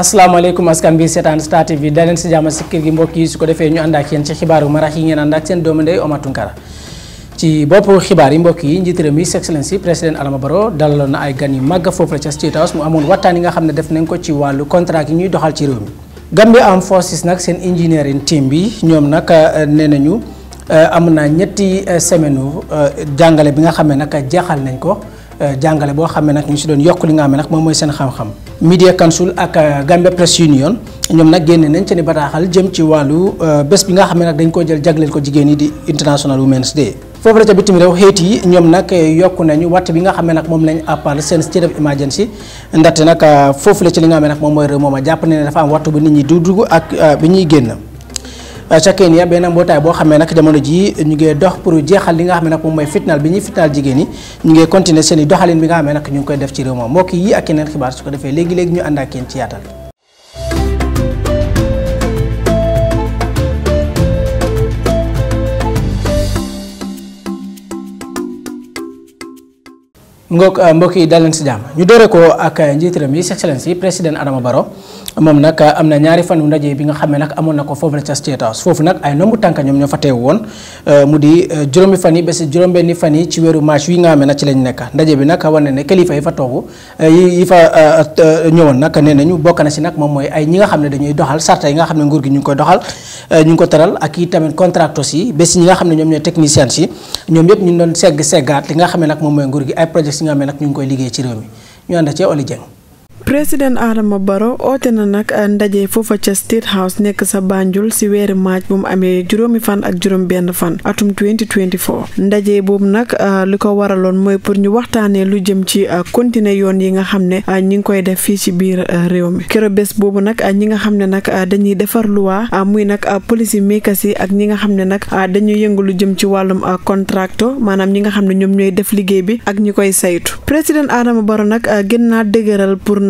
asalaamaaleykum askan bi seetaan Star TV da leen si jàmm si kër gi mbokk yi su ko defee ñu ànd ak yéen ci xibaaru marax yi ngeen ànd ak seen doomu ndey ci bopp xibaar yi mbokk yi njiit réew mi excellence si président Adama Barrow dalaloon na ay gan yu màgg foofu la ca State House mu amoon waxtaan nga xam ne def nañ ko ci wàllu contrat yi ñuy doxal ci réew mi. Gambia Armed Forces nag seen engineering team bi ñoom nag euh, nee nañu euh, am naa ñetti euh, semaine jàngale bi nga xam nag jeexal nañ ko. Euh, jàngale boo xam ne nag ñu si doon yokk li nga xam ne nag moom mooy seen xam-xam Media Council ak euh, Gambia Press Union ñoom nag génne nañ seen i bataaxal jëm ci wàllu euh, bés bi nga xam ne nag dañ ko jël jagleel ko jigéen yi di International Women's Day foofu la ca bitim réew xeet yi ñoom nag yokk nañu watt bi nga xam ne nag moom lañ appal seen state of emergency ndaxte nag foofu la ci li nga xam nag moom mooy réew moom a jàpp ne dafa am wattu bu nit ñi du dugg ak bi ñuy génn Euh, ca Kenya benn mbootaay boo xamee nag jamono ji ñu ngi dox pour jeexal li nga xam ne nag moom mooy fitnaal bi ñuy fitnaal jigéen ñi ñu ngi continuer seen i doxalin bi nga xam ne nag ñu ngi koy def ci réew moom mbokk yi ak yeneen xibaar su ko defee léegi-léegi ñu ànd ak yéen euh, yi dal leen si jàmm ñu ko ak euh, njiit réew mi Excellence yi président Adama Barrow moom nag am na ñaari fan fanu ndaje bi nga xam ne nag amoon na ko foofu la ca State House ay nombu tànk ñoom ñoo fa teew woon euh, mu di euh, juróomi fan yi ba juróom-benni fan yi ci weeru mars yi nga xam ne nag ci nekk ndaje bi nag wane ne kilifa yi fa toogu euh, yi fa ñëwoon nag na si nag moom mooy ay ñi nga xam ne dañuy doxal sarta yi nga xam ne nguur gi ñu ngi koy doxal ñu ngi ko tëral ak i tamit contractors yi ba ñi nga xam ne ñoom ñoo techniciens yi ñoom yëpp ñu doon segg seggaat li nga xam ne nag moom mooy nguur gi ay projets yi nga xam ne nag ñu ngi koy liggéey ci réew mi ñu ànd cee président Adama Barrow oote na nag eh, ndaje foofa ca State House nekk sa Banjul si weeri maaj bu mu amee juróomi fan ak juróom benn fan atum 2024 ndaje boobu nag eh, li ko waraloon mooy pour ñu waxtaanee lu jëm ci eh, continuer yoon yi nga xam ne ñi ngi koy def fii ci biir réew mi kero bés boobu nag ñi nga xam ne nag dañuy defar luwaa muy nag policy makers si ak ñi nga xam ne nag dañuy yëngu lu jëm ci wàllum contractor maanaam ñi nga xam ne ñoom ñooy def liggéey bi ak ñi koy saytu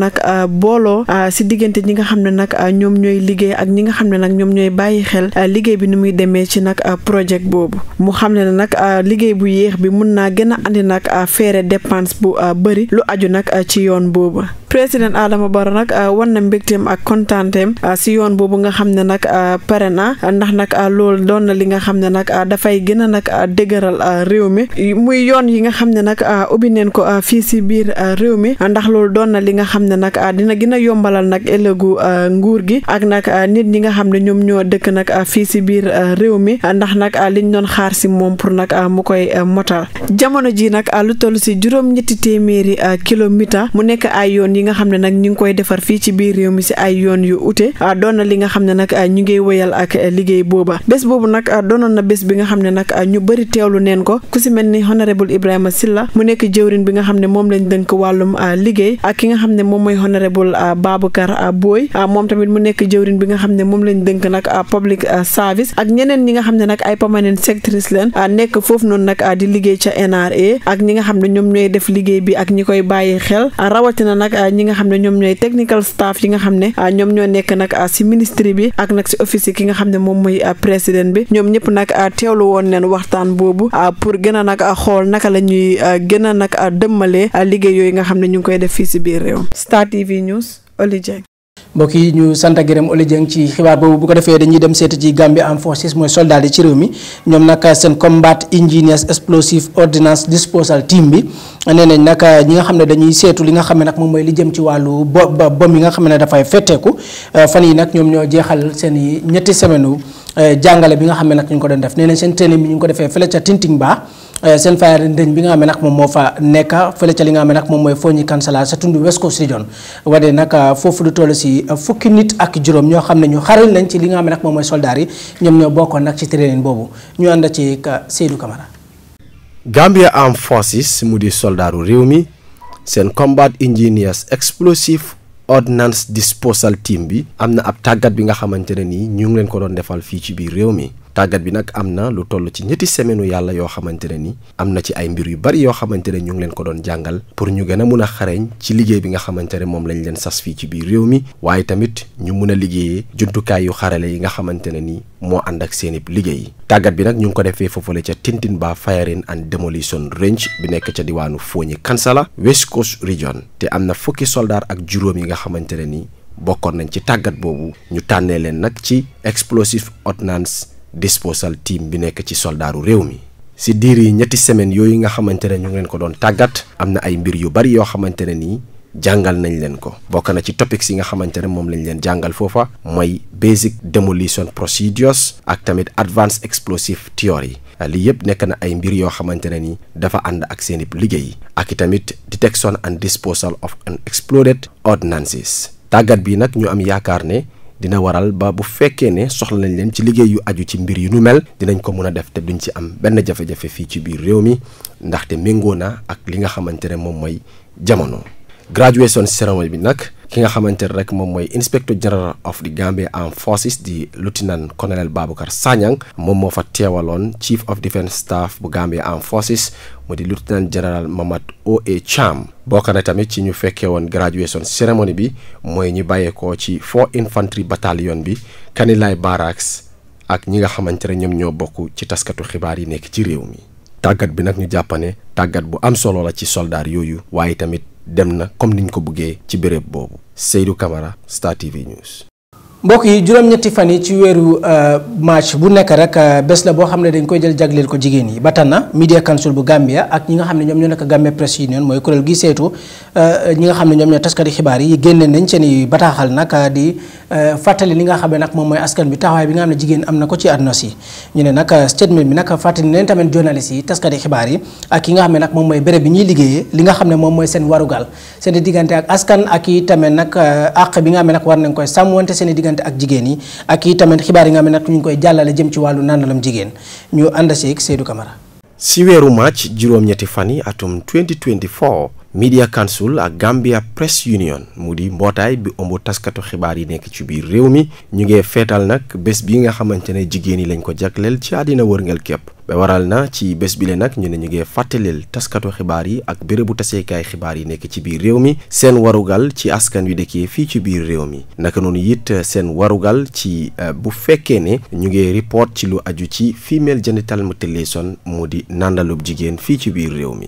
nag euh, booloo euh, si diggante ñi nga xam ne nag euh, ñoom ñooy liggéey ak ñi nga xam ne nag ñoom ñooy bàyyi xel liggéey bi ni muy demee ci nag projet boobu mu xam ne nag liggéey bu yéex bi mun naa gën a andi nag feere dépense bu bëri lu aju nag ci yoon boobu président Adama Barrow nag wan na mbégteem ak kontanteem si yoon boobu nga xam ne nag pare na ndax nag lool doon na li nga xam ne nag dafay gën a nag dëgëral réew mi muy yoon yi nga xam ne nag ubbi neen ko fii si biir réew mi ndax loolu doon na li nga xam ne nag dina gën a yombalal nag ëllëgu nguur gi ak nag nit ñi nga xam ne ñoom ñoo dëkk nag fii si biir réew mi ndax nag liñ doon xaar si moom pour nag mu koy motal jamono ji nag lu toll si juróom-ñetti téeméeri kilomita mu nekk ay yoon yi nga xam ne nag ñu ngi koy defar fii ci biir réew mi si ay yoon yu ute ah, doon li nga xam ne nag ah, ñu ngi wéyal ak eh, liggéey booba bés boobu nag ah, doonoon na bés bi nga xam ne nag ñu bëri teewlu neen ko ku si mel ni honorable Ibrahima Silla mu nekk jëwrin bi nga xam ne moom lañ dënk wàllum liggéey ak ki nga xam ne moom mooy honorable Babacar Boy moom tamit mu nekk jëwriñ bi nga xam ne moom lañ dënk nag public service ak ñeneen ñi nga xam ne nag ay permanent sectrice leen nekk foofu noonu nag di liggéey ca NRA ak ñi nga xam ne ñoom ñooy def liggéey bi ak ñi koy bàyyi xel rawatina nag Euh, ñi nga xam ne ñoom ñooy technical staff yi nga xam ne euh, ñoom ñoo nekk nag euh, si ministre bi ak nag si office yi ki nga xam ne moom mooy président bi ñoom ñëpp nag teewlu woon neen waxtaan boobu pour gën a nag xool naka la ñuy gën a nag dëmmalee liggéey yooyu nga xam ne ñu ngi koy def fii si biir réew Star TV News Oli mbokk yi ñu sant ak gërëm Oly Dieng ci xibaar boobu bu ko defee dañuy dem seeti ci Gambie Armed Forces mooy soldat yi ci réew mi ñoom nag seen combat engineers explosive ordinance disposal team bi nee nañ nag ñi nga xam ne dañuy seetu li nga xam ne nag moom mooy li jëm ci wàllu bo bo yi nga xam ne dafay fetteeku eh, fan yi nag ñoom ñoo jeexal seen i ñetti semaine eh, jàngale bi nga xam ne nag ñu ko doon def nee nañ seen téeléem bi ñu ko defee fële a Tinting Ba Eh, seen fayar ndëñ bi nga xam ne nag moom moo fa nekk fële ca li nga xam ne nag moom mooy Foñi Kansala sa tund West Coast Region wadee nag eh, foofu lu toll si eh, fukki nit ak juróom ñoo xam ne ñu xaral nañ ci li nga xam ne nag moom mooy soldaar yi ñoom ñoo bokkoon nag ci training boobu ñu ànd ci Seydou Camara Gambia Armed Forces mu di soldaaru réew mi seen combat engineers explosive ordnance disposal team bi am na ab tàggat bi nga xamante ne nii ñu ngi leen ko doon defal fii ci biir réew mi tàggat bi nag am na lu toll ci ñetti semaine yàlla yoo xamante ne ni am na ci ay mbir yu bari yoo xamante ne ñu ngi leen ko doon jàngal pour ñu gën a mun a xareñ ci liggéey bi xamante ne moom lañ leen sas fii ci biir réew mi waaye ñu mun a liggéeyee jumtukaay yu xarale yi nga xamante ne ni moo ànd ak seen i liggéey tàggat bi nag ñu ngi ko defee foofale ca tintin Tintinba Firing and Demolition Range bi nekk ca diwaanu Foni Kansala West Coast Region te am na fukki soldaar ak juróom yi nga xamante ne ni bokkoon nañ ci tàggat boobu ñu tànnee leen nag ci explosive ordnance disposal team bi nekk ci soldaaru réew mi si diir yi ñetti semaines yooyu nga xamante ne ñu ngeen ko doon tàggat am na ay mbir yu bari yoo xamante ne nii jàngal nañ leen ko bokk na ci topics si nga xamante ne moom lañ leen jàngal foofa mooy basic demolition procedures ak tamit advanced explosive theory lii yëpp nekk na ay mbir yoo xamante ne ni dafa ànd ak seen i liggéey ak i tamit detection and disposal of unexploded ordnances tàggat bi nag ñu am yaakaar ne dina waral ba bu fekkee ne soxla nañ leen ci liggéeyu aju ci mbir yu nu mel dinañ ko mën a def te duñ ci am benn jafe-jafe fii ci biir réew mi ndaxte méngoo na ak li nga xamante ne moom mooy jamono. graduation ceremony bi nag ki nga xamante ne rek moom mooy inspector general of the Gambia Armed Forces di lieutenant colonel Baboucarr Sagnang moom moo fa teewaloon chief of defence staff bu Gambia Armed Forces mu di lieutenant general o O.A. Cham bokk ne tamit ci ñu fekkee woon graduation ceremony bi mooy ñu bàyyeekoo ci four infantry battalion bi Kanilai Barracks ak ñi nga xamante ne ñoom ñoo bokk ci taskatu xibaar yi nekk ci réew mi tàggat bi nag ñu jàppane tàggat bu am solo la ci soldaar yooyu dem na comme ni ñu ko bëggee ci béréb boobu Seydou Camara Star TV News. mbokk yi juróom-ñetti fan yi ci weeru euh, match bu nekk rek euh, bés la boo xam ne dañ koy jël jagleel ko jigéen yi ba tax na media council bu ak ñi nga xam ne ñoom ñoo nekk Gambia Press gi seetu euh, ñi nga xam ne ñoom ñoo taskati bataaxal nag di fàttali li nga xam ne nag moom mooy askan bi taxawaay bi nga xam ne jigéen am na ko ci àdduna si ñu ne nag statement bi nag fàttali neen tamit journaliste yi taskati xibaar yi ak ki nga xam ne nag moom mooy béréb bi ñuy liggéeyee li nga xam ne moom mooy seen warugal seen diggante ak askan ak i tamit nag àq bi nga xam ne diggante ak jigéen yi ak i tamit xibaar yi nga xam ne nag ñu koy jàllale jëm ci wàllu nandalam jigéen ñu ànd seeg Seydou Camara. si weeru màcc juróom-ñetti fan yi atum 2024 Media Council ak Gambia Press Union mu di mbootaay bi ëmb taskatu xibaar yi nekk ci biir réew mi ñu ngee feetal nag bés bi nga xamante ne jigéen yi lañ ko jagleel ci àddina wërngel képp ba waral na ci bés bi le nag ñu ne ñu ngee fàttaleel taskatu xibaar yi ak bérébu taseekaay xibaar yi nekk ci biir réew mi seen warugal ci askan wi dëkkee fii ci biir réew mi naka noonu yit seen warugal ci euh, bu fekkee ne ñu ngee report ci lu aju ci female genital mutilation mu di nàndalub jigéen fii ci biir réew mi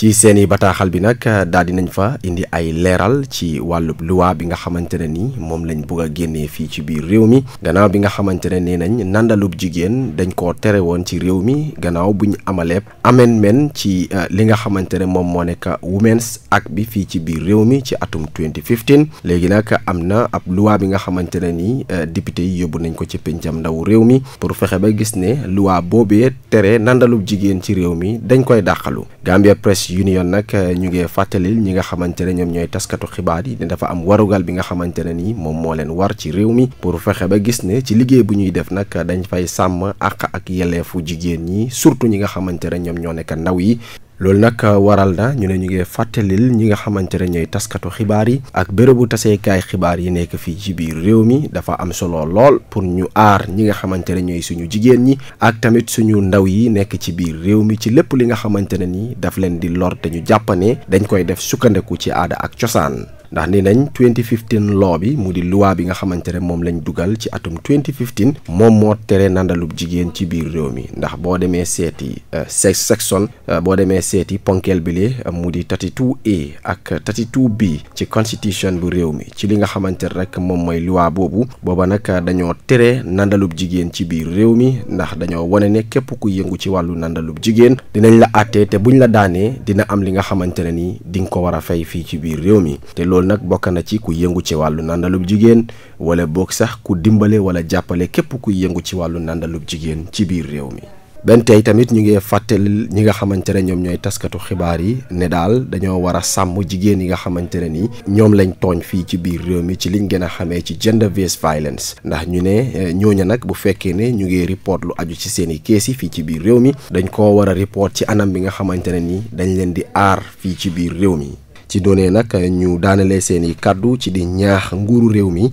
ci seeni bataaxal bi nag euh, daal di nañ fa indi ay leeral ci wàllub luwaa bi nga xamante ne ni moom lañ bugg a génnee fii ci biir réew mi gannaaw bi nga xamante ne nee nañ nandalub jigéen dañ koo tere woon ci réew mi gannaaw bu ñu amaleeb ameen men ci euh, li nga xamante ne moom moo nekk Women's Act bi fii ci biir réew mi ci atum 2015 léegi nag am na ab luwaa bi nga xamante ne ni euh, député yi yóbbu nañ ko ci pencam ndaw réew mi pour fexe ba gis ne luwaa boobee tere nandalub jigéen ci réew mi dañ koy dàqalu Gambia Press Union nag eh, ñu nge fàttali ñi nga xamante ne ñoom ñooy taskatu xibaar yi ne dafa am warugal bi nga xamante ne ni moom moo leen war ci réew mi pour fexe ba gis ne ci liggéey bu ñuy def nag dañ fay sàmm àq ak yeleefu jigéen ñi surtout ñi nga xamante ne ñoom ñoo nekk ndaw yi loolu nag waral na ñu ne ñu ngi fàttalil ñi nga xamante ne ñooy taskatu xibaar yi ak bérébu taseekaay xibaar yi nekk fii ci biir réew mi dafa am solo lool pour ñu aar ñi nga xamante ne ñooy suñu jigéen ñi ak tamit suñu ndaw yi nekk ci biir réew mi ci lépp li nga xamante ne ni daf leen di lor te ñu jàpp dañ koy def sukkandiku ci aada ak cosaan ndax ni nañ 2015 law bi mu di loi bi nga xamante ne moom lañ dugal ci atum 2015 moom moo tere nandalub jigéen ci biir réew mi ndax boo demee seeti euh, sex section euh, boo demee seeti ponkeel bi lee euh, mu di 32 ak 32B ci constitution bu réew mi ci li nga xamante ne rek moom mooy loi boobu booba nag dañoo tere nandalub jigéen ci biir réew mi ndax dañoo wane ne képp ku yëngu ci wàllu nandalub jigéen dinañ la àttee te buñ la daanee dina am li nga xamante ne ni di nga ko war a fay fii ci biir réew mi te loolu loolu nag bokk na ci ku yëngu ci wàllu nàndalub jigéen wala boog sax ku dimbale wala jàppale képp ku yëngu ci wàllu nàndalub jigéen ci biir réew mi. benn tey tamit ñu ngi fàttali ñi nga xamante ne ñoom ñooy taskatu xibaar yi ne daal dañoo war a sàmm jigéen yi nga xamante ne ni ñoom lañ tooñ fii ci biir réew mi ci liñ gën a xamee ci gender based violence ndax ñu ne eh, ñooña nag bu fekkee ne ñu ngi report lu aju ci seen i kees yi fii ci biir réew mi dañ koo war a report ci anam bi nga xamante ne ni dañ leen di aar fii ci biir réew mi. ci doonee nag ñu daanale seeni kàddu ci di ñaax nguuru réew mi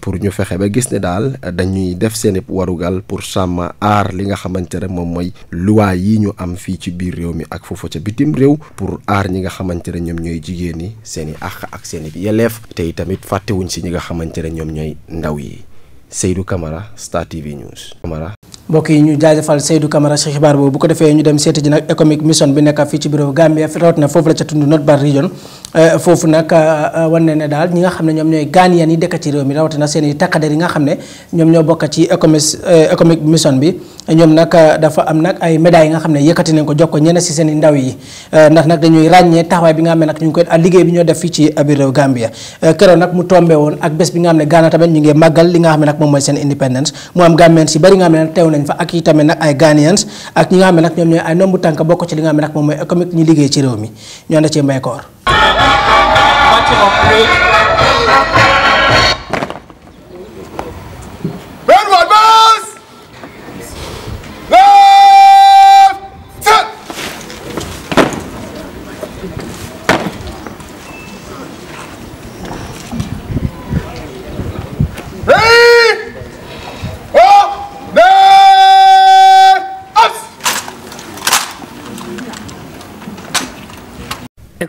pour ñu fexe ba gis ne daal dañuy def seen warugal pour sàmm aar li nga xamante ne moom mooy luwaa yi ñu am fii ci biir réew mi ak foofu ca bitim réew pour aar ñi nga xamante ne ñoom ñooy jigéen ñi seen i àq ak seen i yelleef te itamit fàttewuñ si ñi nga xamante ne ñoom ñooy ndaw yi Seydou Camara Star TV News mbokk yi ñu jaajëfal Seydou Camara si xibaar boobu bu ko defee ñu dem seeti ji nag économic mission bi nekk fii ci bureau Gambia rawat na foofu euh, euh, euh, bokk yi ñu ngi koy liggéey bi ñoo def fii ci bureau Gambia keroog nag mu tombé woon ak bés bi nga xam ne Ghana tamit ñu ngi màggal li nga xam ne nag moom mooy seen independence mu am Ghanéen si bari nga xam ne teew na nañ fa ak itamit nag ay Ghanaians ak ñi nga xam ne nag ñoom ñooy ay nombu tànk bokk ci li nga xam ne nag moom mooy économique ñu liggéey ci réew mi ñoo na ci Mbaykoor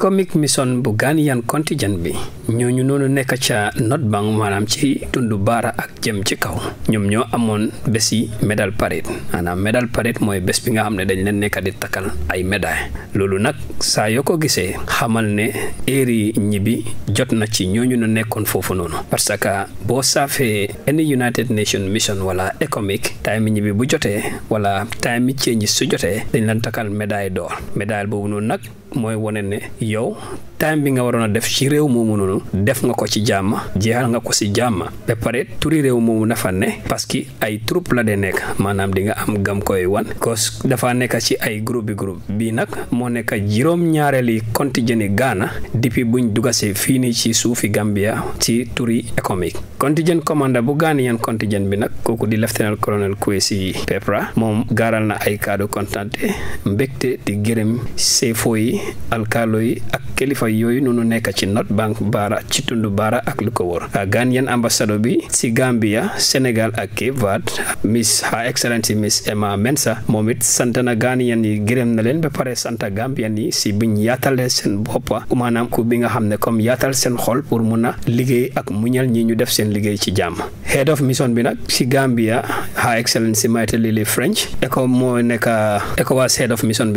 economic mission bu Ghanaian contingent bi ñooñu noonu nekk ca not Bank maanaam ci tundu baara ak jëm ci kaw ñoom ñoo amoon bés yi medal parade maanaam medal parade mooy bés bi nga xam ne dañu leen nekk di takkal ay médaille loolu nag saa yoo ko gisee xamal ne éeri ñibbi jot na ci ñooñu na nekkoon foofu noonu parce que boo saafee any United Nations mission wala economic time ñibbi bu jotee wala time change su jotee dañ leen takkal médaille d'or médaille boobu noonu nag mooy wone ne yow time bi nga waroon a def ci réew moomu noonu def nga ko ci jàmm jeexal nga ko si jàmm ba pare turi réew moomu na fa ne parce que ay troupe la de nekk maanaam di nga am gam koy wan cause dafa nekk ci ay groupe bi groupe bii nag moo nekk juróom-ñaareeli contingent yi Ghana depuis buñ dugase fii nii ci suufi Gambia ci turi économique contingent commandant bu Ghanaian contingent bi nag kooku di lieutenant colonel Kwesi Pepra moom gaaral na ay kaado kontaan mbégte di gërëm seefo yi alkaalo foy yooyu noonu nekk ci Nord Bank Bara ci tund Bara ak lu ko wër ah, Ghanaian ambassadeur bi si Gambia Sénégal ak Cape Verde Miss Her Excellency Miss Emma Mensah moom it sant na Ghanaian yi gërëm na leen ba pare sant Gambian yi si biñ yaatalee seen boppa maanaam ku bi nga xam ne comme yaatal seen xol pour mun a liggéey ak muñal ñi ñu def seen liggéey ci jàmm head of mission bi nag si Gambia Her Excellency Maite Lily French ECO moo nekk ECOWAS head of mission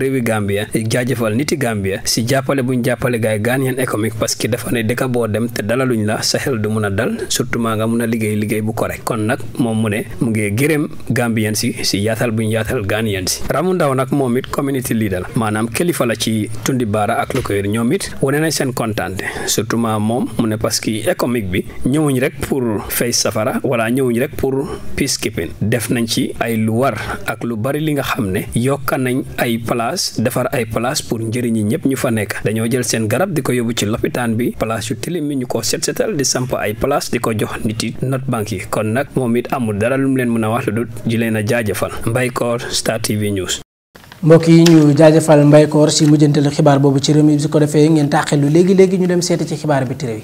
réewi Gambia jaajëfal niti Gambia si jàppale buñ jàppale gaay Ghanaian économique parce que dafa ne dëkk boo dem te dalaluñ la sa xel du mun a dal surtout maa nga mun a liggéey liggéey bu correct kon nag moom mu ne mu ngi gërëm Gambien si si yaatal buñ yaatal Ghanaian si Ramou Ndao nag moom it community leader maanaam kilifa la ci tundi baara ak lu ko ñoom it wane nañ seen kontaante surtout maa moom mu ne parce que bi ñëwuñ rek pour fay safara wala def nañ ci ay lu war ak lu bari place defar ay place pour njëriñi ñëpp ñu fa nekk dañoo jël seen garab di ko yóbbu ci lopitaan bi place yu tilim mi ñu ko set setal di samp ay place di ko jox nit yi note banque yi kon nag moom it amul dara lu mu leen mën a wax lu dul ji leen a jaajëfal Mbaye Koor Star TV News. yi ñu jaajëfal Mbaye Koor si mujjanteelu xibaar boobu ci réew mi bi su ko defee ngeen taaxee lu léegi léegi ñu dem seeti ci xibaar bi réew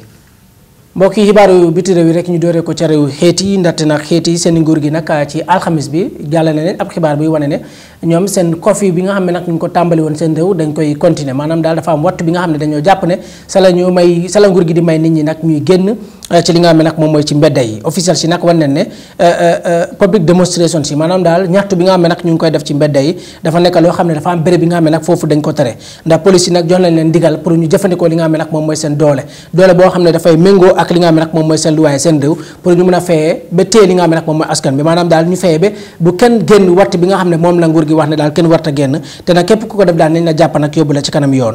mbokki xibaaru biti réew yi rek ñu dooree ko ca réew xeet yi ndaxte nag xeet yi seen nguur gi nag ci alxamis bi jàll na leen ab xibaar buy wane ne ñoom seen curfew bi nga xam ne nag ñu ko tàmbali woon seen réew dañ koy continuer maanaam daal dafa am wattu bi nga xam ne dañoo jàpp ne sa la may sa la nguur gi di may nit ñi nag ñuy génn Euh, ci li nga xam ne moom mooy ci mbedda yi officiel si nag wan ne euh, euh, public demonstration si maanaam daal ñaxtu bi nga xam ne nag ñu ngi koy def ci mbedda yi dafa nekk loo xam ne dafa am béréb bi nga xam ne ko tere ndax police yi nag jox nañ leen ndigal pour ñu jëfandikoo li nga xam ne nag moom mooy seen doole doole boo xam ne dafay méngoo ak li nga xam ne moom mooy seen luwaay seen réew pour ñu mën a feyee ba téye li nga xam ne moom mooy askan bi maanaam daal ñu feyee ba bu kenn génn warte bi nga xam ne moom la nguur gi wax ne daal kenn warta génn ku ko def daal nañ la jàpp nag yóbbu la ci kanam yoon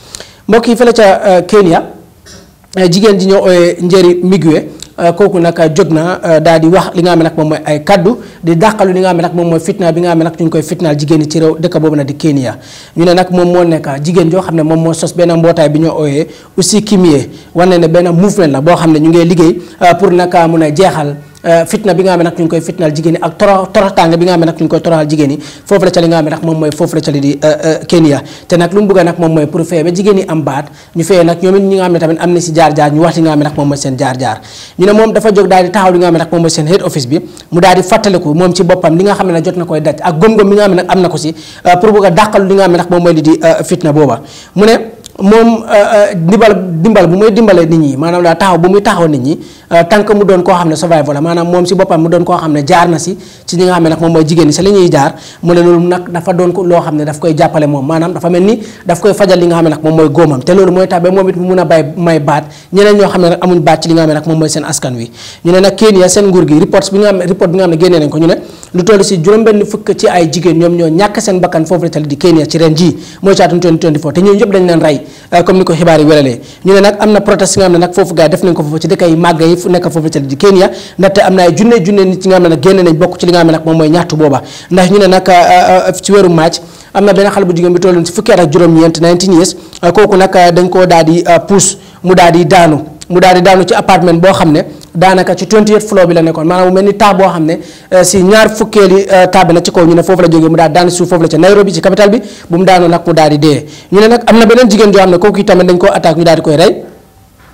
mbokk yi fële ca euh, Kenya euh, jigéen ji ñoo ooyee Njeri Migwe euh, kooku nag jóg na daal di wax li nga xam ne nag moom mooy ay kàddu di dàqalu li nga xam ne nag moom mooy fitna bi nga xam ne nag ñu ngi koy fitnaal jigéen ñi ci réew dëkk boobu na di Kenya ñu ne nag moom moo nekk jigéen joo xam ne moom moo sos benn mbootaay bi ñoo ooyee aussi Kimie wane ne benn mouvement la boo xam ne ñu ngi liggéey pour nag mun a jeexal. Euh, fitna bi nga xam ne nag ñu ngi koy fitnaal ak toro toroxtaange bi nga xam ne nag ñu ngi koy toroxal jigéen foofu la ca li nga xam ne nag moom mooy euh, euh, na si jaar-jaar ñu wax li nga xam ne nag moom mooy seen jaar-jaar ñu ne moom dafa jóg daal di taxaw li nga xam ne nag moom mooy seen head office bi mu daal di fàttaliku moom ci boppam li nga xam ne nag jot na koy daj ak góom-góom bi nga xam ne nag am na ko si pour bëgg a dàqalu li nga xam ne nag moom mooy li di fitna booba moom ndimbal euh, euh, dimbal bu muy dimbalee nit ñi maanaam daal taxaw bu muy taxaw nit ñi euh, tant mu doon koo xam ne survival la maanaam moom si boppam mu doon koo xam ne jaar na si si la loo xam ne daf koy jàppale moom maanaam dafa mel ni daf koy nga xam ne nag moom mooy góomam te loolu mooy tax ba moom it mu mun a bay may baat ñeneen ñoo xam ne nag amuñ baat ci li nga xam ne nag moom mooy seen askan wi ñu ne nag Kenya seen nguur gi report bi nga xam ne report bi nga xam ne génnee nañ ko ñu ne lu toll si juróom-benn ñoo ñàkk seen bakkan foofu la di Kenya ci ren ji mooy Euh, comme ni ko xibaar yi wéralee ñu ne nag am na protest nga xam ne nag foofu gars yi def nañ ko foofu ci dëkk yi màgg yi fu nekk foofu ca di Kenya ndaxte na ay junne junne ci li nga xam ne nag moom mooy ñaxtu booba ndax ñu ne nag euh, euh, ci weeru màcc am na benn xale bu jigéen bi tolloon ci fukki at ak juróom-ñeent 19 years kooku nag dañ koo daal di pousse mu daal di daanu mu daal di daanu ci appartement boo xam ne daanaka ci 28 floor bi la nekkoon maanaam mu mel ni taax boo xam ne euh, si ñaar fukkeeli euh, taax bi nag ci kaw ñu ne foofu la jógee mu daal daan suuf foofu la ca Nairobi ci capital bi bu mu daanoo nag mu daal di dee ñu ne nag am na beneen jigéen joo xam ne kooku itamit dañ koo attaque ñu daal di koy rey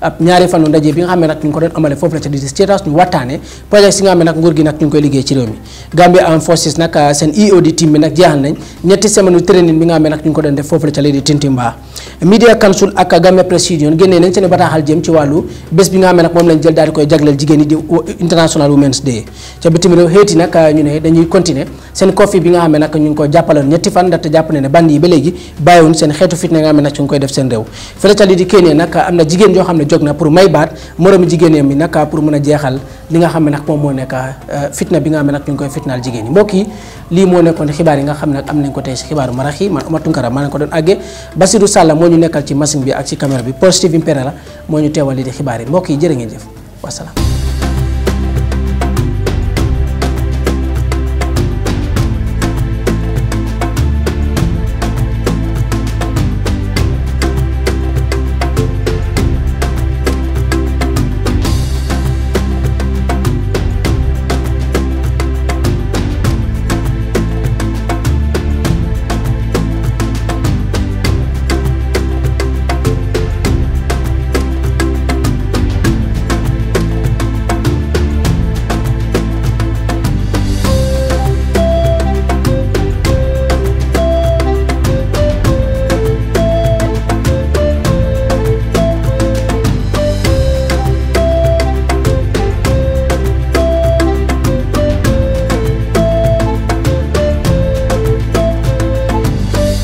ab ñaari fanu ndaje bi nga xam ne nag ñu ngi ko doon ah, seen EOD bi nga xam ne nag ñu ngi ko doon nag ah, ñetti fan ndaxte jàpp ne ne band yi ba léegi bàyyiwuñ seen xeetu fitna nga xam ne nag ñu ngi koy def seen réew fële ca lii di nag ah, jigéen yoo xam ne ne jóg na pour may baat moroomi jigéeneem yi nag pour mën a jeexal li nga xam ne nag moom moo nekk euh, fitna bi nga xam ne nag ñu ngi koy fitnaal moo nekkoon xibaar yi nga xam ne nag am nañ ko tey si xibaaru marax yi man Omar Tunkara maa leen ko doon àggee Basirou Sall moo ñu nekkal ci machine bi ak ci caméra bi Positive Impera la moo ñu teewal li di xibaar yi mbokk yi jërë ngeen jëf